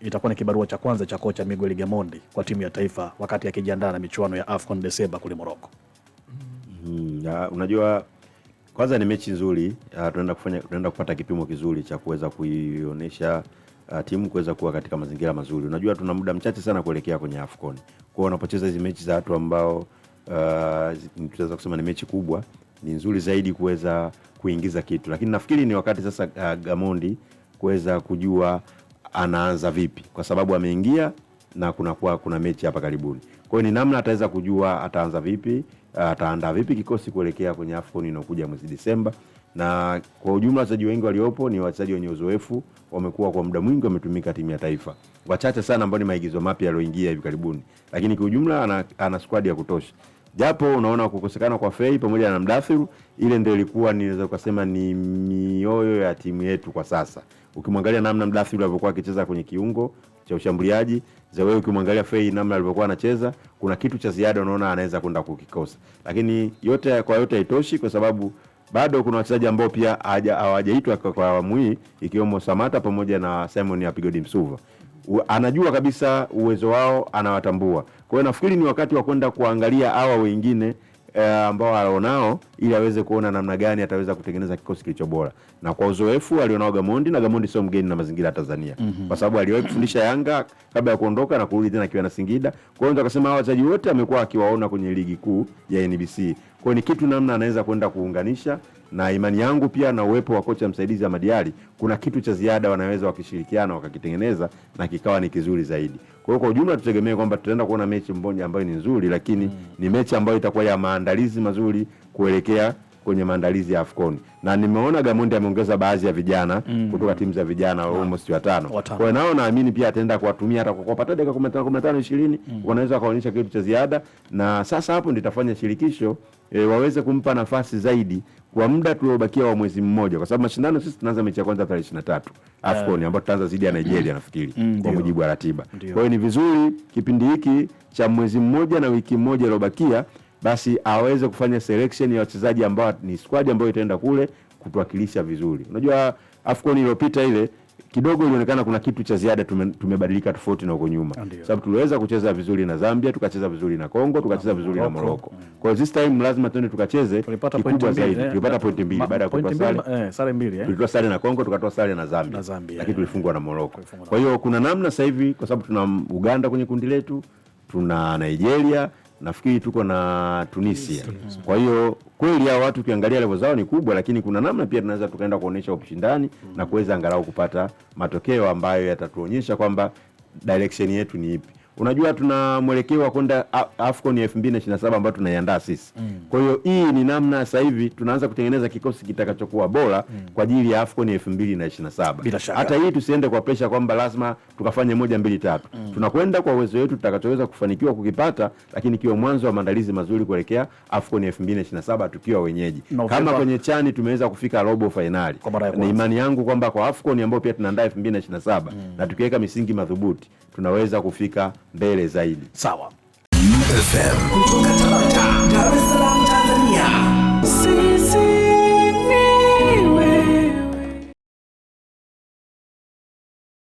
Itakuwa ni kibarua cha kwanza cha kocha Miguel Gamondi kwa timu ya taifa wakati akijiandaa na michuano ya AFCON Desemba kule Morocco. Mm, unajua kwanza ni mechi nzuri, uh, tunaenda kufanya tunaenda kupata kipimo kizuri cha kuweza kuionyesha uh, timu kuweza kuwa katika mazingira mazuri. Unajua tuna muda mchache sana kuelekea kwenye AFCON. Kwa hiyo unapocheza hizi mechi za watu ambao uh, tunaweza kusema ni mechi kubwa, ni nzuri zaidi kuweza kuingiza kitu. Lakini nafikiri ni wakati sasa uh, Gamondi kuweza kujua anaanza vipi, kwa sababu ameingia na kunakuwa kuna mechi hapa karibuni. Kwa hiyo ni namna ataweza kujua ataanza vipi, ataandaa vipi kikosi kuelekea kwenye AFCON inaokuja mwezi Desemba. Na kwa ujumla wachezaji wengi waliopo ni wachezaji wenye uzoefu, wamekuwa kwa muda mwingi wametumika timu ya taifa, wachache sana ambao ni maigizo mapya yaliyoingia hivi karibuni, lakini kwa ujumla ana, ana squad ya kutosha japo unaona kukosekana kwa Fei pamoja na Mdathiru, ile ndio ilikuwa niweza kusema ni mioyo ya timu yetu kwa sasa. Ukimwangalia namna Mdathiru alivyokuwa akicheza kwenye kiungo cha ushambuliaji, Zewe, ukimwangalia Fei namna alivyokuwa anacheza, kuna kitu cha ziada unaona anaweza kwenda kukikosa. Lakini yote kwa yote haitoshi kwa sababu bado kuna wachezaji ambao pia hawajaitwa kwa awamu hii ikiwemo Samata pamoja na Simon Apigodi Msuva anajua kabisa uwezo wao, anawatambua. Kwa hiyo nafikiri ni wakati wa kwenda kuangalia hawa wengine eh, ambao alionao ili aweze kuona namna gani ataweza kutengeneza kikosi kilicho bora, na kwa uzoefu alionao Gamondi, na Gamondi sio mgeni na mazingira ya Tanzania mm -hmm. kwa sababu aliwahi kufundisha Yanga kabla ya kuondoka na kurudi tena akiwa na Singida. Kwa hiyo akasema hawa wachezaji wote amekuwa akiwaona kwenye ligi kuu ya NBC. Kwa hiyo ni kitu namna anaweza kwenda kuunganisha na imani yangu pia na uwepo wa kocha msaidizi Ahmad Ally, kuna kitu cha ziada wanaweza wakishirikiana wakakitengeneza na kikawa ni kizuri zaidi. Kwa hiyo kwa ujumla tutegemee kwamba tutaenda kuona mechi mmoja ambayo ni nzuri, lakini mm. ni mechi ambayo itakuwa ya maandalizi mazuri kuelekea kwenye maandalizi ya AFCON na nimeona Gamondi ameongeza baadhi ya vijana mm. kutoka timu za vijana yeah. almost watano. Kwa hiyo nao naamini pia ataenda kuwatumia hata kwa kupata dakika 15 15 20 mm. wanaweza kaonyesha kitu cha ziada, na sasa hapo ndio itafanya shirikisho e, waweze kumpa nafasi zaidi kwa muda tuliobakia wa mwezi mmoja, kwa sababu mashindano sisi tunaanza mechi ya kwanza tarehe 23 AFCON ambayo tutaanza zidi ya Nigeria mm. nafikiri, mm, kwa mujibu wa ratiba. Kwa hiyo ni vizuri kipindi hiki cha mwezi mmoja na wiki moja iliyobakia, basi aweze kufanya selection ya wachezaji ambao ni squad ambayo itaenda kule kutuwakilisha vizuri. Unajua AFCON iliyopita ile kidogo ilionekana kuna kitu cha ziada tume, tumebadilika tofauti na huko nyuma, sababu tuliweza kucheza vizuri na Zambia, tukacheza vizuri na Kongo, tukacheza vizuri na Morocco. Kwa hiyo this time lazima tuende tukacheze kikubwa zaidi. Eh? Tulipata pointi mbili baada ya kutoa sare eh, sare mbili eh, tulitoa sare na Kongo, tukatoa sare na Zambia, na Zambia lakini eh. tulifungwa na Morocco. Kwa hiyo kuna namna sasa hivi, kwa sababu tuna Uganda kwenye kundi letu, tuna Nigeria nafikiri tuko na Tunisia. Kwa hiyo kweli hao watu ukiangalia level zao ni kubwa, lakini kuna namna pia tunaweza tukaenda kuonesha ushindani mm -hmm. na kuweza angalau kupata matokeo ambayo yatatuonyesha kwamba direction yetu ni ipi. Unajua tuna mwelekeo wa kwenda AFCON ya 2027 ambayo tunaiandaa sisi. Mm. Kwa hiyo hii ni namna sasa hivi tunaanza kutengeneza kikosi kitakachokuwa bora mm. kwa ajili ya AFCON ya 2027. Hata hii tusiende kwa presha kwamba lazima tukafanye moja mbili tatu mm. tunakwenda kwa uwezo wetu tutakachoweza kufanikiwa kukipata, lakini kiwa mwanzo wa maandalizi mazuri kuelekea AFCON ya 2027 tukiwa wenyeji no, kama pepa. kwenye chani tumeweza kufika robo fainali, na imani yangu kwamba kwa AFCON ambayo pia tunaandaa 2027 mm. na tukiweka misingi madhubuti tunaweza kufika mbele zaidi. Sawa FM kutoka Tabata, Dar es Salaam, Tanzania.